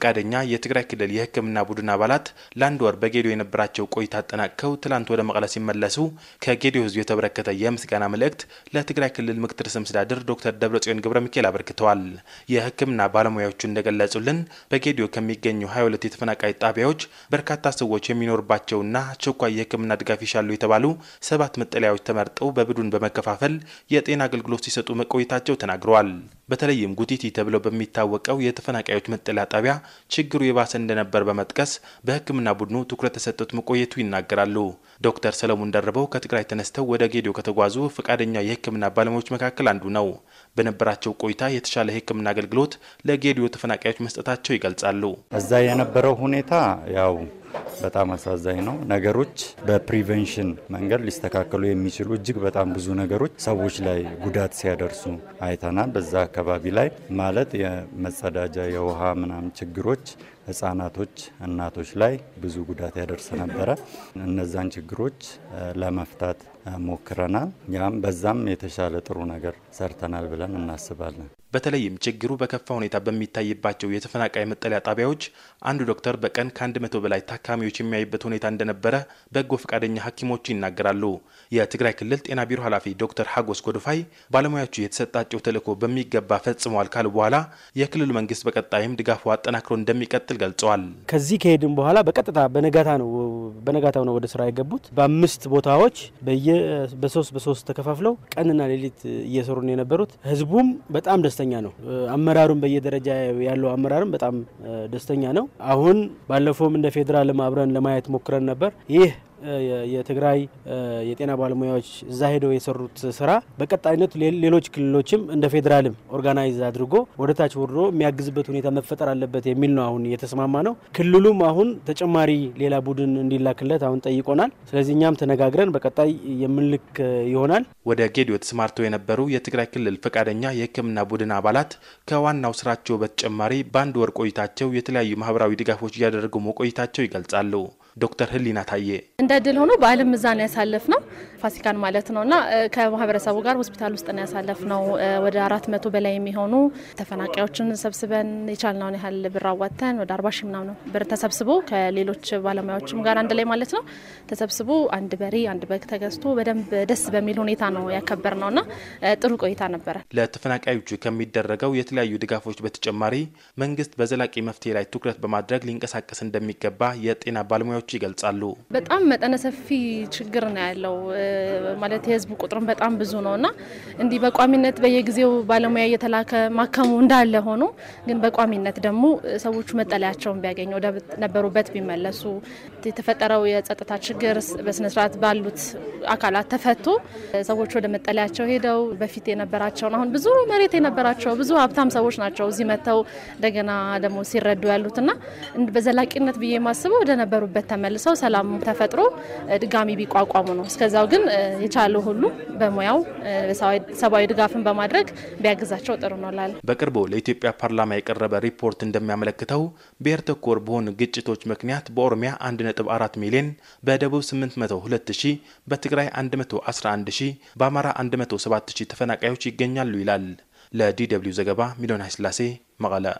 ፈቃደኛ የትግራይ ክልል የሕክምና ቡድን አባላት ለአንድ ወር በጌዲዮ የነበራቸው ቆይታ አጠናቅከው ትላንት ወደ መቀለ ሲመለሱ ከጌዲዮ ሕዝብ የተበረከተ የምስጋና መልእክት ለትግራይ ክልል ምክትል ርዕሰ መስተዳድር ዶክተር ደብረጽዮን ገብረ ሚካኤል አበርክተዋል። የሕክምና ባለሙያዎቹ እንደገለጹልን በጌዲዮ ከሚገኙ 22 የተፈናቃይ ጣቢያዎች በርካታ ሰዎች የሚኖርባቸውና አስቸኳይ የሕክምና ድጋፍ ይሻሉ የተባሉ ሰባት መጠለያዎች ተመርጠው በቡድን በመከፋፈል የጤና አገልግሎት ሲሰጡ መቆየታቸው ተናግረዋል። በተለይም ጉቲቲ ተብሎ በሚታወቀው የተፈናቃዮች መጠለያ ጣቢያ ችግሩ የባሰ እንደነበር በመጥቀስ በሕክምና ቡድኑ ትኩረት ተሰጥቶት መቆየቱ ይናገራሉ። ዶክተር ሰለሞን ደርበው ከትግራይ ተነስተው ወደ ጌዲዮ ከተጓዙ ፈቃደኛ የሕክምና ባለሙያዎች መካከል አንዱ ነው። በነበራቸው ቆይታ የተሻለ የሕክምና አገልግሎት ለጌዲዮ ተፈናቃዮች መስጠታቸው ይገልጻሉ። እዛ የነበረው ሁኔታ ያው በጣም አሳዛኝ ነው። ነገሮች በፕሪቨንሽን መንገድ ሊስተካከሉ የሚችሉ እጅግ በጣም ብዙ ነገሮች ሰዎች ላይ ጉዳት ሲያደርሱ አይተናል። በዛ አካባቢ ላይ ማለት የመጸዳጃ የውሃ ምናምን ችግሮች ህጻናቶች፣ እናቶች ላይ ብዙ ጉዳት ያደርስ ነበረ። እነዛን ችግሮች ለመፍታት ሞክረናል። ያም በዛም የተሻለ ጥሩ ነገር ሰርተናል ብለን እናስባለን። በተለይም ችግሩ በከፋ ሁኔታ በሚታይባቸው የተፈናቃይ መጠለያ ጣቢያዎች አንዱ ዶክተር በቀን ከአንድ መቶ በላይ ታካሚዎች የሚያይበት ሁኔታ እንደነበረ በጎ ፈቃደኛ ሐኪሞቹ ይናገራሉ። የትግራይ ክልል ጤና ቢሮ ኃላፊ ዶክተር ሀጎስ ጎድፋይ ባለሙያዎቹ የተሰጣቸው ተልእኮ በሚገባ ፈጽመዋል ካሉ በኋላ የክልሉ መንግስት በቀጣይም ድጋፉ አጠናክሮ እንደሚቀጥል ገልጸዋል። ከዚህ ከሄድን በኋላ በቀጥታ በነጋታ ነው በነጋታው ነው ወደ ስራ የገቡት። በአምስት ቦታዎች በሶስት በሶስት ተከፋፍለው ቀንና ሌሊት እየሰሩ ነው የነበሩት። ህዝቡም በጣም ደስተኛ ነው። አመራሩም በየደረጃ ያለው አመራርም በጣም ደስተኛ ነው። አሁን ባለፈውም እንደ ፌዴራል አብረን ለማየት ሞክረን ነበር። ይህ የትግራይ የጤና ባለሙያዎች እዛ ሄደው የሰሩት ስራ በቀጣይነት ሌሎች ክልሎችም እንደ ፌዴራልም ኦርጋናይዝ አድርጎ ወደ ታች ወርዶ የሚያግዝበት ሁኔታ መፈጠር አለበት የሚል ነው አሁን እየተስማማ ነው። ክልሉም አሁን ተጨማሪ ሌላ ቡድን እንዲላክለት አሁን ጠይቆናል። ስለዚህ እኛም ተነጋግረን በቀጣይ የምንልክ ይሆናል። ወደ ጌዲዮ ተሰማርተው የነበሩ የትግራይ ክልል ፈቃደኛ የሕክምና ቡድን አባላት ከዋናው ስራቸው በተጨማሪ በአንድ ወር ቆይታቸው የተለያዩ ማህበራዊ ድጋፎች እያደረጉ መቆይታቸው ይገልጻሉ። ዶክተር ህሊና ታዬ። እንደ ድል ሆኖ በዓልም እዛ ነው ያሳለፍ ነው ፋሲካን ማለት ነው እና ከማህበረሰቡ ጋር ሆስፒታል ውስጥ ነው ያሳለፍ ነው። ወደ አራት መቶ በላይ የሚሆኑ ተፈናቃዮችን ሰብስበን የቻልነውን ያህል ብር አዋተን ወደ አርባ ሺ ምናምን ብር ተሰብስቦ ከሌሎች ባለሙያዎችም ጋር አንድ ላይ ማለት ነው ተሰብስቦ አንድ በሬ አንድ በግ ተገዝቶ በደንብ ደስ በሚል ሁኔታ ነው ያከበር እና ጥሩ ቆይታ ነበረ። ለተፈናቃዮቹ ከሚደረገው የተለያዩ ድጋፎች በተጨማሪ መንግስት በዘላቂ መፍትሄ ላይ ትኩረት በማድረግ ሊንቀሳቀስ እንደሚገባ የጤና ባለሙያ ባለሙያዎች ይገልጻሉ። በጣም መጠነ ሰፊ ችግር ነው ያለው ማለት የህዝቡ ቁጥርም በጣም ብዙ ነው እና እንዲህ በቋሚነት በየጊዜው ባለሙያ እየተላከ ማከሙ እንዳለ ሆኖ ግን በቋሚነት ደግሞ ሰዎቹ መጠለያቸውን ቢያገኙ ወደ ነበሩበት ቢመለሱ የተፈጠረው የጸጥታ ችግር በስነስርዓት ባሉት አካላት ተፈቶ ሰዎች ወደ መጠለያቸው ሄደው በፊት የነበራቸውን አሁን ብዙ መሬት የነበራቸው ብዙ ሀብታም ሰዎች ናቸው እዚህ መጥተው እንደገና ደግሞ ሲረዱ ያሉትና በዘላቂነት ብዬ ማስበው ወደ ነበሩበት ተመልሰው ሰላም ተፈጥሮ ድጋሚ ቢቋቋሙ ነው። እስከዛው ግን የቻለ ሁሉ በሙያው ሰብአዊ ድጋፍን በማድረግ ቢያግዛቸው ጥሩ ነው ላለ በቅርቡ ለኢትዮጵያ ፓርላማ የቀረበ ሪፖርት እንደሚያመለክተው ብሔር ተኮር በሆኑ ግጭቶች ምክንያት በኦሮሚያ 1.4 ሚሊዮን፣ በደቡብ 802 ሺህ፣ በትግራይ 111 ሺህ፣ በአማራ 107 ሺህ ተፈናቃዮች ይገኛሉ ይላል። ለዲ ደብልዩ ዘገባ ሚሊዮን ኃይለሥላሴ መቀለ